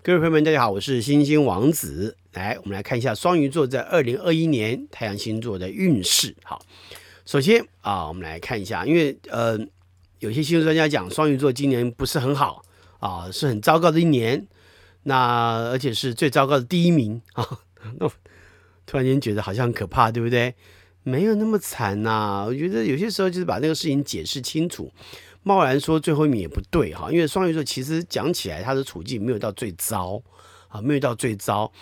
各位朋友們，大家好，我是星星王子。來，我們來看一下雙魚座在二零二一年太陽星座的運勢。好，首先啊，我們來看一下，因為呃，有些星座專家講雙魚座今年不是很好啊，是很糟糕的一年。那而且是最糟糕的第一名啊。那突然間覺得好像很可怕，對不對？沒有那麼慘吶啊。我覺得有些時候就是把這個事情解釋清楚。貿然說最後一名也不對哈，因為雙魚座其實講起來，他的處境沒有到最糟啊，沒有到最糟。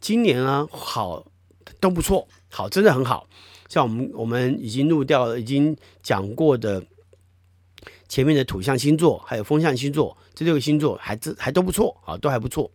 今年呢，啊，好都不錯，好真的很好。像我們我們已經錄掉了，已經講過的前面的土象星座，還有風象星座，這六個星座還真還都不錯啊，都還不錯。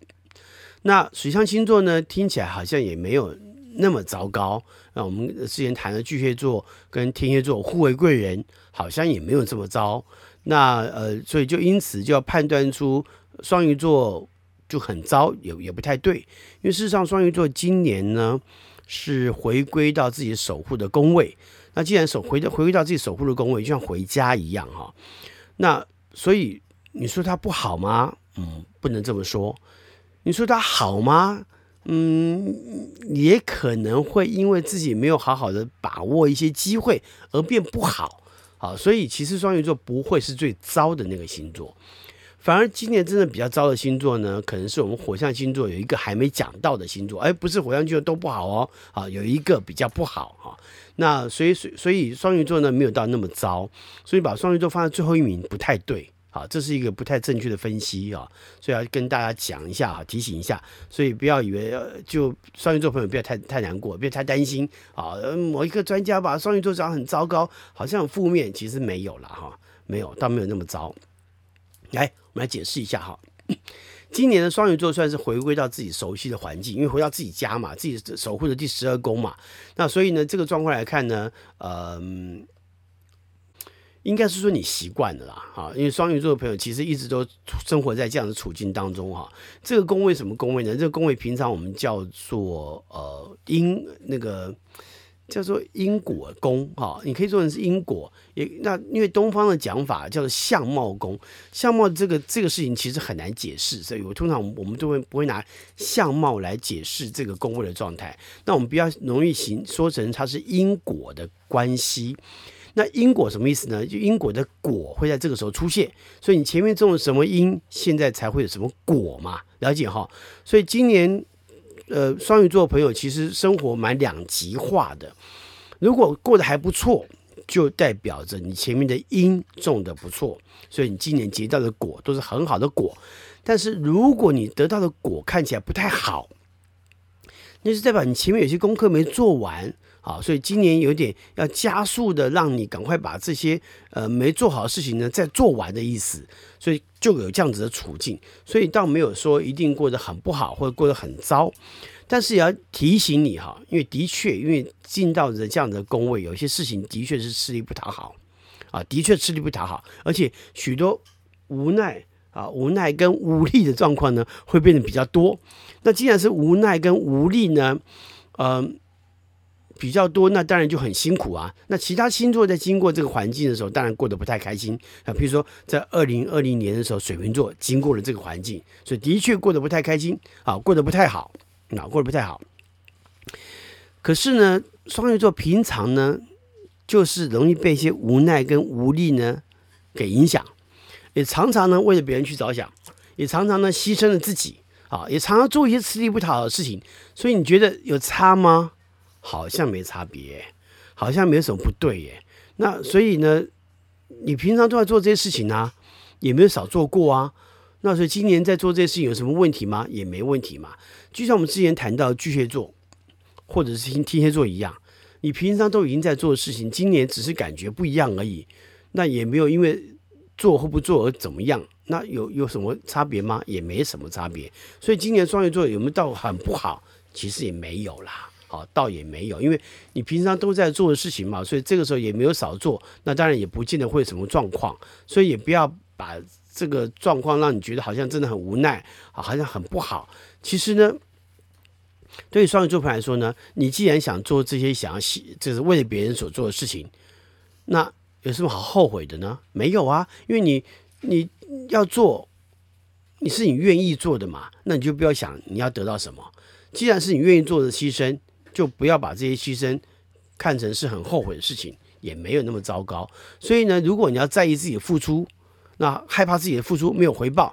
那水象星座呢，聽起來好像也沒有那麼糟糕。那我們之前談的巨蟹座跟天蠍座互為貴人，好像也沒有這麼糟。那呃，所以就因此就要判斷出雙魚座就很糟，也也不太對，因為事實上雙魚座今年呢是回歸到自己守護的宮位。那既然守回到回歸到自己守護的宮位，就像回家一樣哈、哦。那所以你說他不好嗎？嗯，不能這麼說。你說他好嗎？嗯，也可能會因為自己沒有好好的把握一些機會而變不好。好，所以其實雙魚座不會是最糟的那個星座，反而今年真的比較糟的星座呢，可能是我們火象星座有一個還沒講到的星座，哎，不是火象星座都不好哦，啊，有一個比較不好啊，那所以所以，所以雙魚座呢沒有到那麼糟，所以把雙魚座放在最後一名不太對。好，這是一個不太正確的分析啊，所以要跟大家講一下啊，提醒一下，所以不要以為、呃、就雙魚座朋友不要太太難過，不要太擔心啊、嗯。某一個專家把，雙魚座講很糟糕，好像很負面，其實沒有啦。哈、啊，沒有，倒沒有那麼糟。來，我們來解釋一下哈、啊。今年的雙魚座算是回歸到自己熟悉的環境，因為回到自己家嘛，自己守護的第十二宮嘛。那所以呢，這個狀況來看呢，嗯、呃。應該是說你習慣的啦，哈，因為雙魚座的朋友其實一直都生活在這樣的處境當中，哈。這個宮位什麼宮位呢？這個宮位平常我們叫做呃，因那個叫做因果宮，哈。你可以做的是因果，也那因為東方的講法叫做相貌宮。相貌這個這個事情其實很難解釋，所以我通常我們都會不會拿相貌來解釋這個宮位的狀態。那我們比較容易形說成它是因果的關係。那因果什麼意思呢？就因果的果會在這個時候出現，所以你前面種了什麼因，現在才會有什麼果嘛，了解哈。所以今年，呃，雙魚座朋友其實生活蠻兩極化的。如果過得還不錯，就代表着你前面的因種的不錯，所以你今年結到的果都是很好的果。但是如果你得到的果看起來不太好，那是代表你前面有些功課沒做完。好，所以今年有點要加速的，讓你趕快把這些呃沒做好的事情呢再做完的意思，所以就有這樣子的處境，所以倒沒有說一定過得很不好或者過得很糟，但是也要提醒你哈，因為的確，因為進到這這樣子的宮位，有些事情的確是吃力不討好啊，的確吃力不討好，而且許多無奈啊無奈跟無力的狀況呢會變得比較多。那既然是無奈跟無力呢，嗯、呃。比較多，那當然就很辛苦啊。那其他星座在經過這個環境的時候，當然過得不太開心啊。比如說，在二零二零年的時候，水瓶座經過了這個環境，所以的確過得不太開心啊，過得不太好。啊，過得不太好。可是呢，雙魚座平常呢，就是容易被一些無奈跟無力呢給影響，也常常呢為了別人去着想，也常常呢犧牲了自己啊，也常常做一些吃力不討好的事情。所以你覺得有差嗎？好像沒差別，好像沒有什麼不對耶。那所以呢，你平常都在做這些事情啊，也沒有少做過啊。那所以今年在做這些事情有什麼問題嗎？也沒問題嘛。就像我們之前談到巨蟹座或者是天蠍座一樣，你平常都已經在做的事情，今年只是感覺不一樣而已。那也沒有因為做或不做而怎麼樣。那有有什麼差別嗎？也沒什麼差別。所以今年雙魚座有沒有到很不好？其實也沒有啦。好，倒也沒有，因為你平常都在做的事情嘛，所以這個時候也沒有少做。那當然也不見得會有什麼狀況，所以也不要把這個狀況讓你覺得好像真的很無奈啊，好像很不好。其實呢，對於雙魚座朋友來說呢，你既然想做這些想要犧，就是為了別人所做的事情，那有什麼好後悔的呢？沒有啊，因為你你要做，你是你願意做的嘛，那你就不要想你要得到什麼。既然是你願意做的犧牲。就不要把這些犧牲看成是很後悔的事情，也沒有那麼糟糕。所以呢，如果你要在意自己的付出，那害怕自己的付出沒有回報，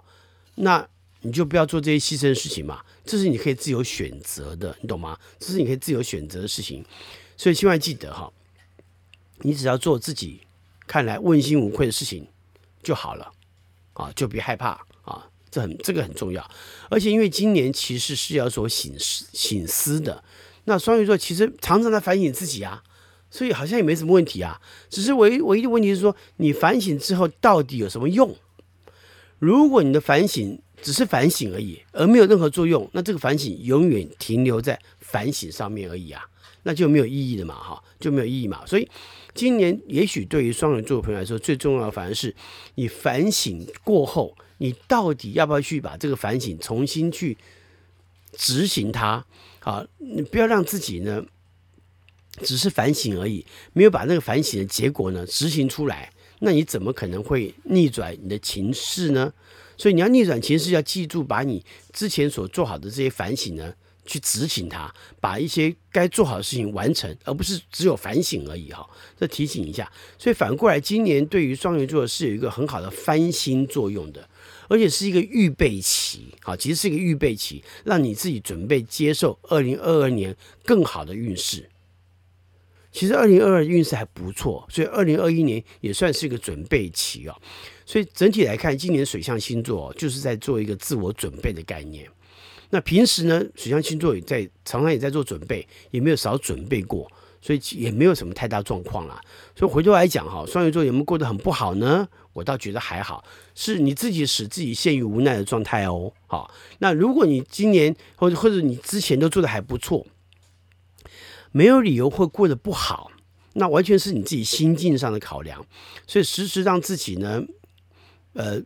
那你就不要做這些犧牲的事情嘛。這是你可以自由選擇的，你懂嗎？這是你可以自由選擇的事情。所以，千萬記得哈、哦，你只要做自己看來問心無愧的事情就好了啊、哦，就別害怕啊、哦。這很這個很重要。而且，因為今年其實是要說省思、省思的。那雙魚座其實常常在反省自己啊，所以好像也沒什麼問題啊。只是唯一唯一的問題是說，你反省之後到底有什麼用？如果你的反省只是反省而已，而沒有任何作用，那這個反省永遠停留在反省上面而已啊，那就沒有意義的嘛，哈，就沒有意義嘛。所以今年也許對於雙魚座的朋友來說，最重要的反而是你反省過後，你到底要不要去把這個反省重新去。執行它，啊，你不要讓自己呢，只是反省而已，沒有把那個反省的結果呢執行出來，那你怎麼可能會逆轉你的情勢呢？所以你要逆轉情勢，要記住把你之前所做好的這些反省呢，去執行它，把一些該做好的事情完成，而不是只有反省而已。哈，這提醒一下。所以反過來，今年對於雙魚座是有一個很好的翻新作用的。而且是一個預備期，好，其實是一個預備期，讓你自己準備接受二零二二年更好的運勢。其實二零二二運勢還不錯，所以二零二一年也算是一個準備期啊、哦。所以整體來看，今年水象星座就是在做一個自我準備的概念。那平時呢，水象星座也在常常也在做準備，也沒有少準備過。所以也沒有什麼太大狀況了。所以回頭來講哈，雙魚座有沒有過得很不好呢？我倒覺得還好，是你自己使自己陷於無奈的狀態哦。好，那如果你今年或者或者你之前都做的還不錯，沒有理由會過得不好。那完全是你自己心境上的考量。所以時時讓自己呢，呃，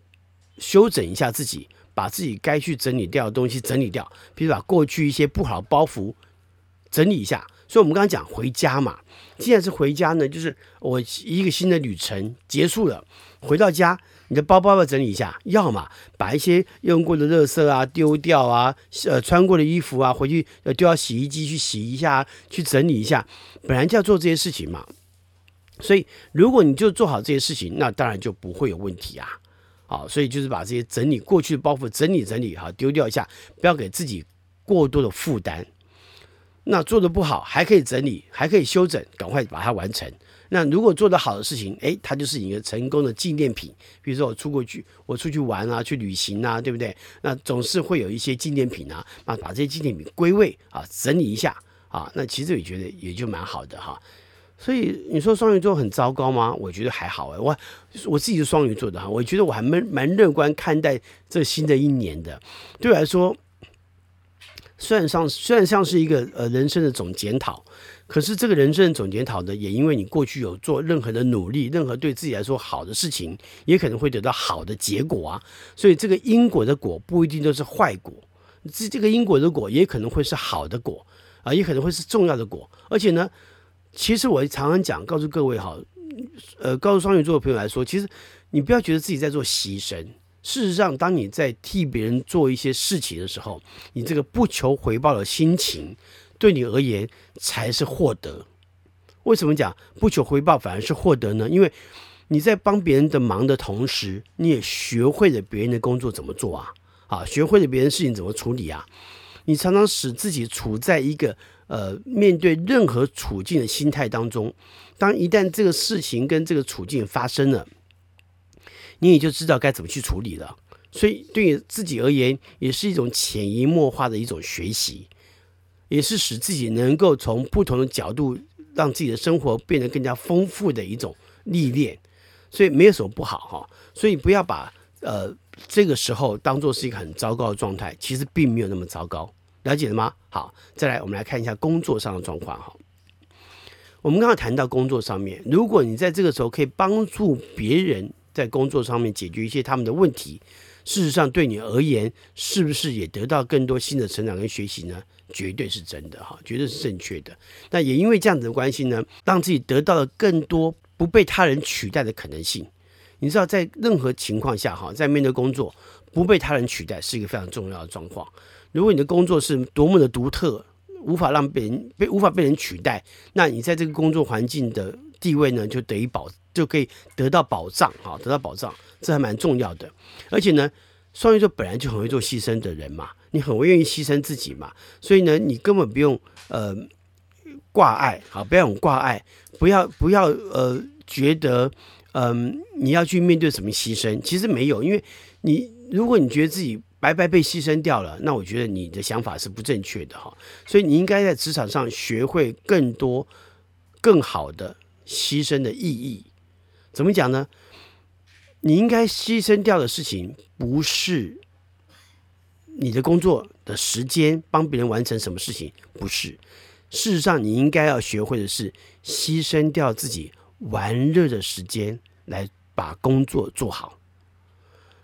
修整一下自己，把自己該去整理掉的東西整理掉，比如把過去一些不好包袱整理一下。所以，我們剛剛講回家嘛，既然是回家呢，就是我一個新的旅程結束了，回到家，你的包包要整理一下，要嘛把一些用過的垃圾啊丟掉啊，呃，穿過的衣服啊回去要丟到洗衣機去洗一下，去整理一下，本來就要做這些事情嘛。所以，如果你就做好這些事情，那當然就不會有問題啊。好，所以就是把這些整理過去的包袱整理整理好，丟掉一下，不要給自己過多的負擔。那做的不好還可以整理，還可以修整，趕快把它完成。那如果做得好的事情，誒，它就是一個成功的紀念品。比如說我出國去，我出去玩啊，去旅行啊，對不對？那總是會有一些紀念品啊，啊，把這些紀念品歸位啊，整理一下啊，那其實我覺得也就蠻好的哈。所以你說雙魚座很糟糕嗎？我覺得還好誒。我我自己是雙魚座的哈，我覺得我還蠻蠻樂觀看待這新的一年的，對我來說。雖然像雖然像是一個呃人生的總檢討，可是這個人生的總檢討呢，也因為你過去有做任何的努力，任何對自己來說好的事情，也可能會得到好的結果啊。所以這個因果的果不一定都是壞果，這這個因果的果也可能會是好的果啊、呃，也可能會是重要的果。而且呢，其實我常常講，告訴各位好，呃，告訴雙魚座的朋友來說，其實你不要覺得自己在做犧牲。事實上，當你在替別人做一些事情的時候，你這個不求回報的心情，對你而言才是獲得。為什麼講不求回報反而是獲得呢？因為你在幫別人的忙的同時，你也學會了別人的工作怎麼做啊，啊，學會了別人的事情怎麼處理啊。你常常使自己處在一個呃面對任何處境的心態當中。當一旦這個事情跟這個處境發生了，你也就知道該怎麼去處理了，所以對於自己而言，也是一種潛移默化的一種學習，也是使自己能夠從不同的角度讓自己的生活變得更加豐富的一種歷練，所以沒有什麼不好哈。所以不要把呃這個時候當作是一個很糟糕的狀態，其實並沒有那麼糟糕，了解了嗎？好，再來我們來看一下工作上的狀況哈。我們剛剛談到工作上面，如果你在這個時候可以幫助別人。在工作上面解決一些他們的問題，事實上對你而言，是不是也得到更多新的成長跟學習呢？絕對是真的哈，絕對是正確的。那也因為這樣子的關係呢，讓自己得到了更多不被他人取代的可能性。你知道，在任何情況下哈，在面對工作不被他人取代是一個非常重要的狀況。如果你的工作是多麼的獨特，無法讓別人被無法被人取代，那你在這個工作環境的地位呢，就得以保。就可以得到保障啊，得到保障，這還蠻重要的。而且呢，雙魚座本來就很會做犧牲的人嘛，你很會願意犧牲自己嘛，所以呢，你根本不用呃掛礙，好，不要掛礙，不要不要呃覺得嗯、呃、你要去面對什麼犧牲，其實沒有，因為你如果你覺得自己白白被犧牲掉了，那我覺得你的想法是不正確的哈。所以你應該在職場上學會更多、更好的犧牲的意義。怎麼講呢？你應該犧牲掉的事情不是你的工作的時間，幫別人完成什麼事情不是。事實上，你應該要學會的是犧牲掉自己玩樂的時間，來把工作做好。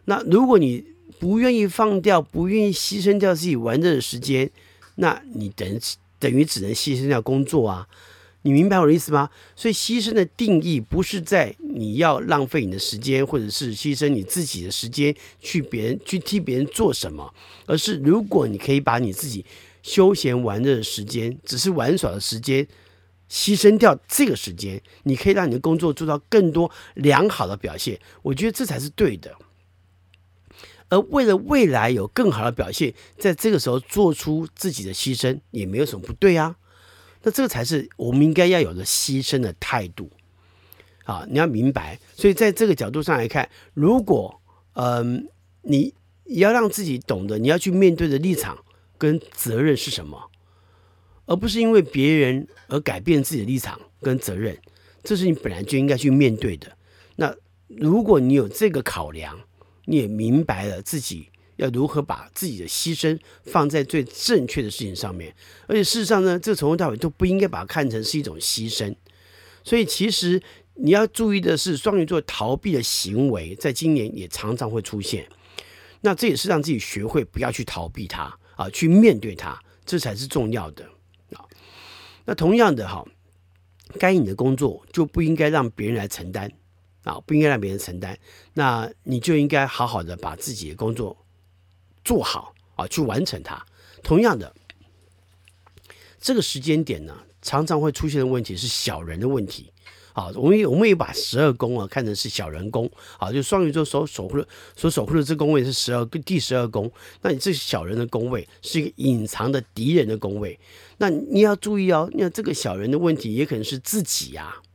那如果你不願意放掉，不願意犧牲掉自己玩樂的時間，那你等於等於只能犧牲掉工作啊。你明白我的意思嗎？所以犧牲的定義不是在你要浪費你的時間，或者是犧牲你自己的時間去別人去替別人做什麼，而是如果你可以把你自己休閒玩樂的時間，只是玩耍的時間，犧牲掉這個時間，你可以讓你的工作做到更多良好的表現。我覺得這才是對的。而為了未來有更好的表現，在這個時候做出自己的犧牲也沒有什麼不對啊。那這個才是我們應該要有的犧牲的態度，啊，你要明白。所以在這個角度上來看，如果嗯，你要讓自己懂得你要去面對的立場跟責任是什麼，而不是因為別人而改變自己的立場跟責任，這是你本來就應該去面對的。那如果你有這個考量，你也明白了自己，要如何把自己的犧牲放在最正確的事情上面？而且事實上呢，這個、從頭到尾都不應該把它看成是一種犧牲。所以其實你要注意的是，雙魚座逃避的行為，在今年也常常會出現。那這也是讓自己學會不要去逃避它啊，去面對它，這才是重要的啊。那同樣的哈、哦，該你的工作就不應該讓別人來承擔啊，不應該讓別人承擔，那你就應該好好的把自己的工作，做好啊，去完成它。同樣的，這個時間點呢，常常會出現的問題是小人的問題啊。我們我們也把十二宮啊看成是小人宮啊，就雙魚座所守護的所守護的這宮位是十二第十二宮。那你這小人的宮位是一個隱藏的敵人的宮位，那你要注意哦。那這個小人的問題也可能是自己呀、啊。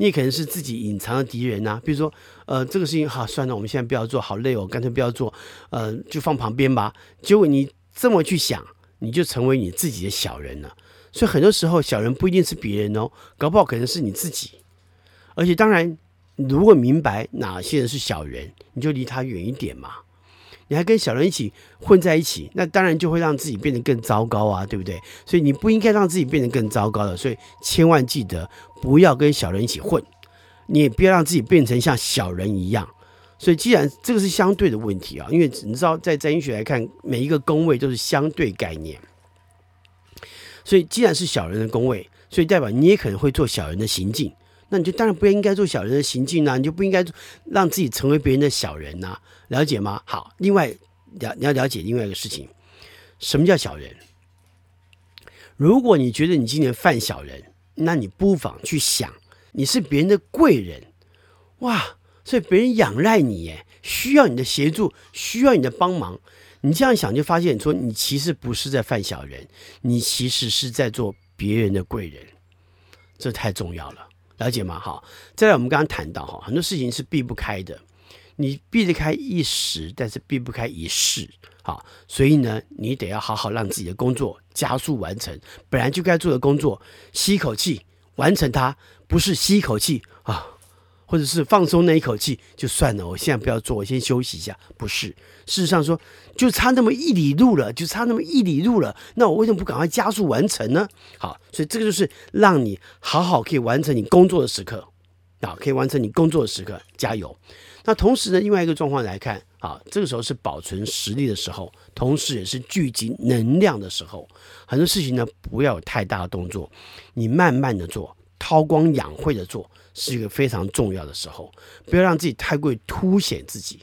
你也可能是自己隱藏的敵人吶，比如說，呃，這個事情好，算了，我們現在不要做，好累哦，我乾脆不要做，呃，就放旁邊吧。結果你這麼去想，你就成為你自己的小人了。所以很多時候，小人不一定是別人哦，搞不好可能是你自己。而且當然，如果明白哪些人是小人，你就離他遠一點嘛。你還跟小人一起混在一起，那當然就會讓自己變得更糟糕啊，對不對？所以你不應該讓自己變得更糟糕的，所以千萬記得不要跟小人一起混，你也不要讓自己變成像小人一樣。所以既然這個是相對的問題啊，因為你知道在占星學來看，每一個宮位都是相對概念，所以既然是小人的宮位，所以代表你也可能會做小人的行徑。那你就當然不應該做小人的行徑啦、啊，你就不應該讓自己成為別人的小人吶、啊，了解嗎？好，另外了，你要了解另外一個事情，什麼叫小人？如果你覺得你今年犯小人，那你不妨去想，你是別人的貴人，哇，所以別人仰賴你，耶，需要你的協助，需要你的幫忙，你這樣想就發現，說你其實不是在犯小人，你其實是在做別人的貴人，這太重要了。了解嗎？哈，再來，我們剛剛談到哈，很多事情是避不開的，你避得開一時，但是避不開一世，好，所以呢，你得要好好讓自己的工作加速完成，本來就該做的工作，吸一口氣完成它，不是吸一口氣啊。或者是放鬆那一口氣就算了，我現在不要做，我先休息一下。不是，事實上說，就差那麼一里路了，就差那麼一里路了，那我為什麼不趕快加速完成呢？好，所以這個就是讓你好好可以完成你工作的時刻，啊，可以完成你工作的時刻，加油。那同時呢，另外一個狀況來看，啊，這個時候是保存實力的時候，同時也是聚集能量的時候。很多事情呢，不要有太大的動作，你慢慢的做。韜光養晦的做，是一個非常重要的時候，不要讓自己太過於凸顯自己，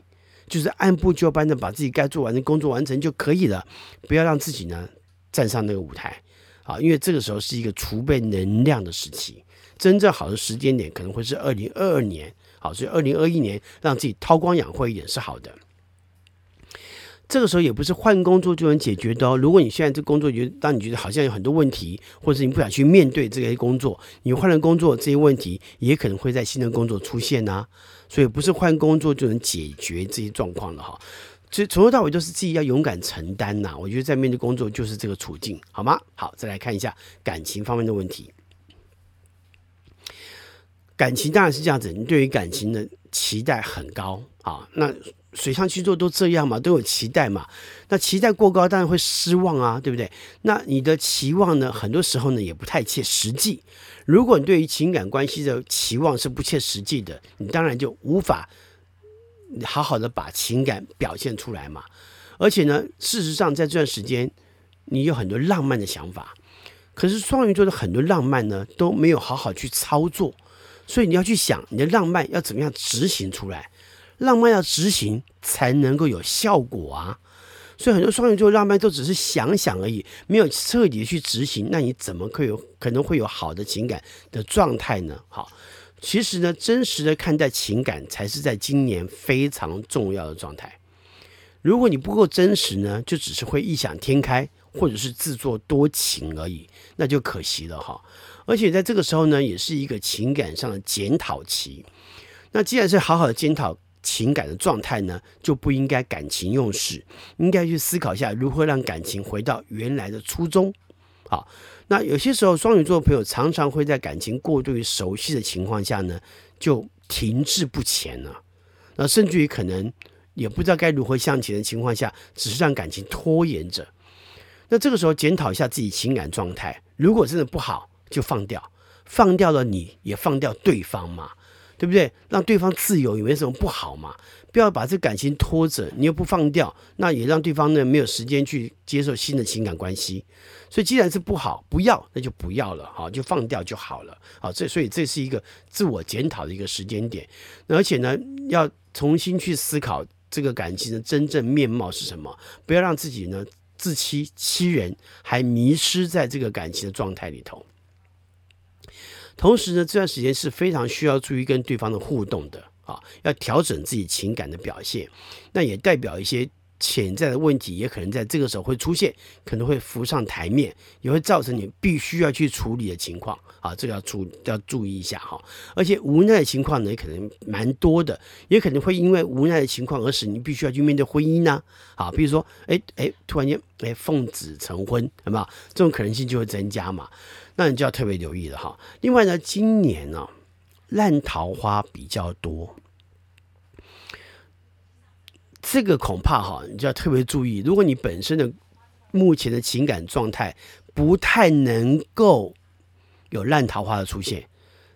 就是按部就班的把自己該做完的工作完成就可以了，不要讓自己呢站上那個舞台啊，因為這個時候是一個儲備能量的時期，真正好的時間點可能會是二零二二年，好，所以二零二一年讓自己韜光養晦一點是好的。這個時候也不是換工作就能解決的哦？如果你現在這工作覺得，當你覺得好像有很多問題，或者是你不想去面對這些工作，你換了工作，這些問題也可能會在新的工作出現呢、啊。所以不是換工作就能解決這些狀況的哈。所以從頭到尾都是自己要勇敢承擔吶、啊。我覺得在面對工作就是這個處境，好嗎？好，再來看一下感情方面的問題。感情當然是這樣子，你對於感情的期待很高啊，那。水象星座都這樣嘛，都有期待嘛。那期待過高，當然會失望啊，對不對？那你的期望呢，很多時候呢也不太切實際。如果你對於情感關係的期望是不切實際的，你當然就無法好好的把情感表現出來嘛。而且呢，事實上在這段時間，你有很多浪漫的想法，可是雙魚座的很多浪漫呢都沒有好好去操作，所以你要去想你的浪漫要怎麼樣執行出來。浪漫要執行才能夠有效果啊，所以很多雙魚座浪漫都只是想想而已，沒有徹底去執行，那你怎麼可有可能會有好的情感的狀態呢？好，其實呢，真實的看待情感，才是在今年非常重要的狀態。如果你不夠真實呢，就只是會異想天開或者是自作多情而已，那就可惜了哈。而且在這個時候呢，也是一個情感上的檢討期。那既然是好好的檢討，情感的狀態呢，就不應該感情用事，應該去思考一下如何讓感情回到原來的初衷。好，那有些時候雙魚座朋友常常會在感情過度於熟悉的情況下呢，就停滯不前了，那甚至於可能也不知道該如何向前的情況下，只是讓感情拖延着。那這個時候檢討一下自己情感狀態，如果真的不好，就放掉，放掉了你，也放掉對方嘛。對不對？讓對方自由也沒什麼不好嘛，不要把這感情拖着，你又不放掉，那也讓對方呢沒有時間去接受新的情感關係。所以既然是不好，不要，那就不要了，好、哦、就放掉就好了。好、哦，這所以這是一個自我檢討的一個時間點，而且呢要重新去思考這個感情的真正面貌是什麼，不要讓自己呢自欺欺人，還迷失在這個感情的狀態裡頭。同時呢，這段時間是非常需要注意跟對方的互動的啊，要調整自己情感的表現。那也代表一些潛在的問題，也可能在這個時候會出現，可能會浮上台面，也會造成你必須要去處理的情況啊。這個要注要注意一下哈、啊。而且無奈的情況呢，也可能蠻多的，也可能會因為無奈的情況而使你必須要去面對婚姻呢、啊。啊，比如說，誒誒，突然間，誒，奉子成婚，好不好？這種可能性就會增加嘛。那你就要特別留意了哈。另外呢，今年呢、哦、爛桃花比較多，這個恐怕哈你就要特別注意。如果你本身的目前的情感狀態不太能夠有爛桃花的出現，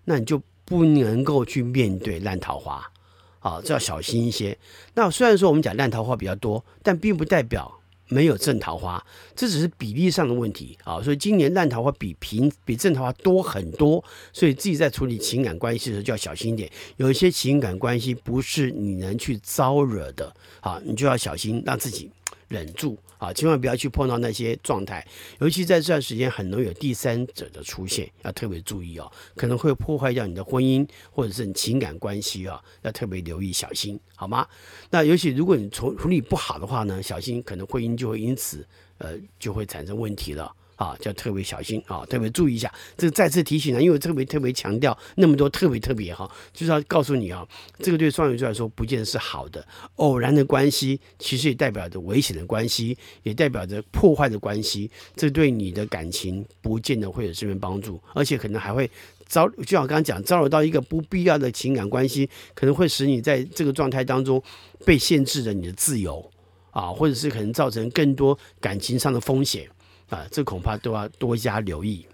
那你就不能夠去面對爛桃花啊、哦，這要小心一些。那雖然說我們講爛桃花比較多，但並不代表。沒有正桃花，這只是比例上的問題啊，所以今年爛桃花比平比正桃花多很多，所以自己在處理情感關係的時候就要小心一點，有一些情感關係不是你能去招惹的啊，你就要小心，讓自己。忍住啊，千萬不要去碰到那些狀態，尤其在這段時間很容易有第三者的出現，要特別注意哦，可能會破壞掉你的婚姻或者是你情感關係哦，要特別留意小心，好嗎？那尤其如果你處處理不好的話呢，小心可能婚姻就會因此，呃，就會產生問題了。啊，要特別小心啊，特別注意一下。這再次提醒呢，因為特別特別強調那麼多，特別特別哈、啊，就是要告訴你啊，這個對雙魚座來說，不見得是好的。偶然的關係，其實也代表着危險的關係，也代表着破壞的關係。這對你的感情，不見得會有什麼幫助，而且可能還會招，就像我剛剛講，招惹到一個不必要的情感關係，可能會使你在這個狀態當中被限制了你的自由啊，或者是可能造成更多感情上的風險。啊，這恐怕都要多加留意。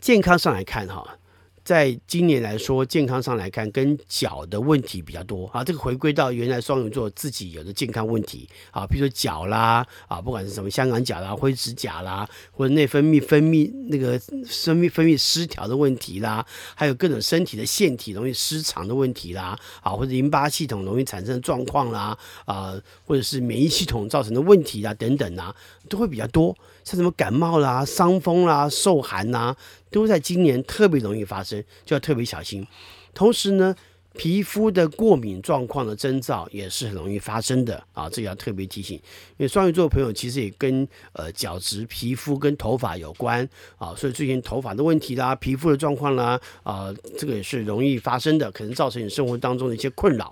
健康上來看哈。在今年來說，健康上來看，跟腳的問題比較多啊。這個回歸到原來雙魚座自己有的健康問題啊，比如說腳啦啊，不管是什麼香港腳啦，灰指甲啦，或者內分泌分泌那個分泌分泌失調的問題啦，還有各種身體的腺體容易失常的問題啦，啊，或者淋巴系統容易產生的狀況啦，啊、呃，或者是免疫系統造成的問題啦等等啊，都會比較多。像什麼感冒啦、傷風啦、受寒啦，都在今年特別容易發生，就要特別小心。同時呢，皮膚的過敏狀況的徵兆也是很容易發生的啊，這要特別提醒。因為雙魚座朋友其實也跟呃角質、皮膚跟頭髮有關啊，所以最近頭髮的問題啦、皮膚的狀況啦啊，這個也是容易發生的，可能造成你生活當中的一些困擾。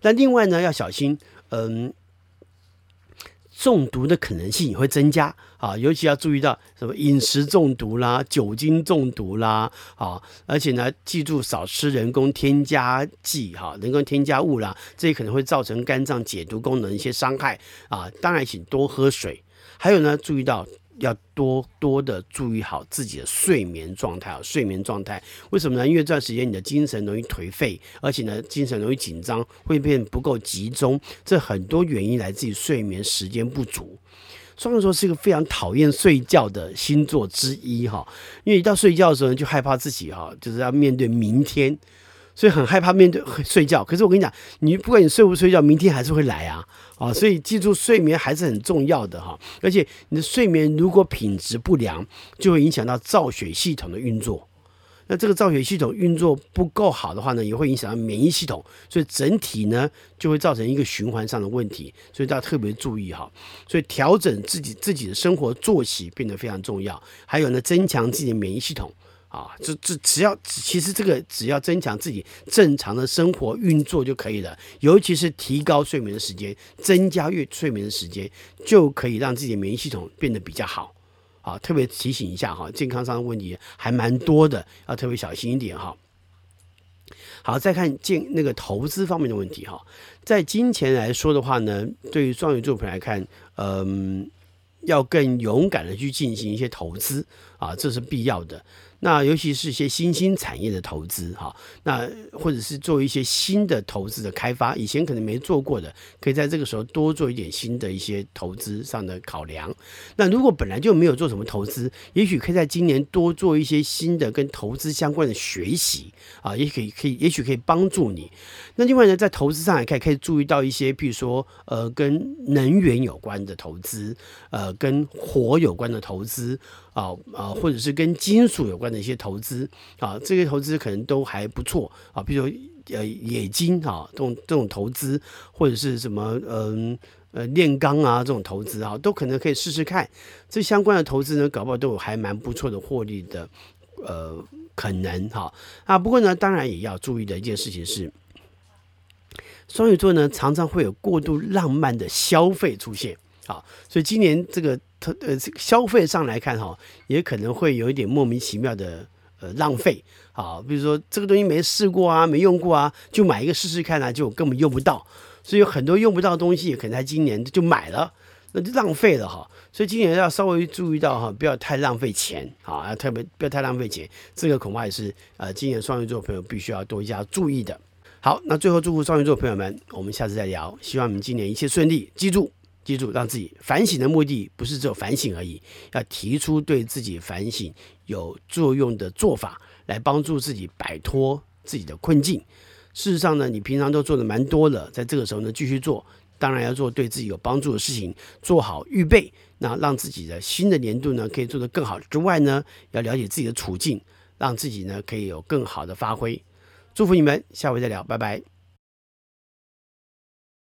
那另外呢，要小心，嗯。中毒的可能性也會增加啊，尤其要注意到什麼飲食中毒啦、酒精中毒啦啊，而且呢，記住少吃人工添加劑哈、啊、人工添加物啦，這些可能會造成肝臟解毒功能一些傷害啊。當然，請多喝水，還有呢，注意到。要多多的注意好自己的睡眠狀態，哈，睡眠狀態為什麼呢？因為這段時間你的精神容易頹廢，而且呢，精神容易緊張，會變不夠集中，這很多原因來自於睡眠時間不足。雙魚座是一個非常討厭睡覺的星座之一，哈，因為一到睡覺的時候就害怕自己，哈，就是要面對明天。所以很害怕面對睡覺，可是我跟你講，你不管你睡不睡覺，明天還是會來啊，啊、哦，所以記住睡眠還是很重要的哈。而且你的睡眠如果品質不良，就會影響到造血系統的運作。那這個造血系統運作不夠好的話呢，也會影響到免疫系統，所以整體呢就會造成一個循環上的問題。所以大家特別注意哈，所以調整自己自己的生活作息變得非常重要。還有呢，增強自己的免疫系統。啊，這這只要其實這個只要增強自己正常的生活運作就可以了，尤其是提高睡眠的時間，增加月睡眠的時間，就可以讓自己的免疫系統變得比較好。啊，特別提醒一下哈、啊，健康上的問題還蠻多的，要特別小心一點哈、啊。好，再看健那個投資方面的問題哈、啊，在金錢來說的話呢，對於雙魚座朋友來看，嗯、呃，要更勇敢的去進行一些投資啊，這是必要的。那尤其是一些新興產業的投資，哈，那或者是做一些新的投資的開發，以前可能沒做過的，可以在這個時候多做一點新的一些投資上的考量。那如果本來就沒有做什麼投資，也許可以在今年多做一些新的跟投資相關的學習啊，也許可以可以，也許可以幫助你。那另外呢，在投資上也可以可以注意到一些，譬如說呃，跟能源有關的投資，呃，跟火有關的投資。啊啊，或者是跟金屬有關的一些投資啊，這些投資可能都還不錯啊。比如說呃，冶金啊，這種這種投資，或者是什麼嗯呃，煉鋼啊，這種投資啊，都可能可以試試看。這相關的投資呢，搞不好都有還蠻不錯的獲利的呃可能哈啊。不過呢，當然也要注意的一件事情是，雙魚座呢，常常會有過度浪漫的消費出現啊，所以今年這個。他呃，這個消費上來看哈，哦，也可能會有一點莫名其妙的呃浪費啊，比如說這個東西沒試過啊，沒用過啊，就買一個試試看啊，就根本用不到，所以有很多用不到的東西可能在今年就買了，那就浪費了哈。所以今年要稍微注意到哈，不要太浪費錢啊，要特別不要太浪費錢，這個恐怕也是呃，今年雙魚座朋友必須要多加注意的。好，那最後祝福雙魚座朋友們，我們下次再聊，希望你們今年一切順利，記住。記住，讓自己反省的目的不是只有反省而已，要提出對自己反省有作用的做法，來幫助自己擺脫自己的困境。事實上呢，你平常都做的蠻多的，在這個時候呢，繼續做，當然要做對自己有幫助的事情，做好預備，那讓自己的新的年度呢可以做得更好。之外呢，要了解自己的處境，讓自己呢可以有更好的發揮。祝福你們，下回再聊，拜拜。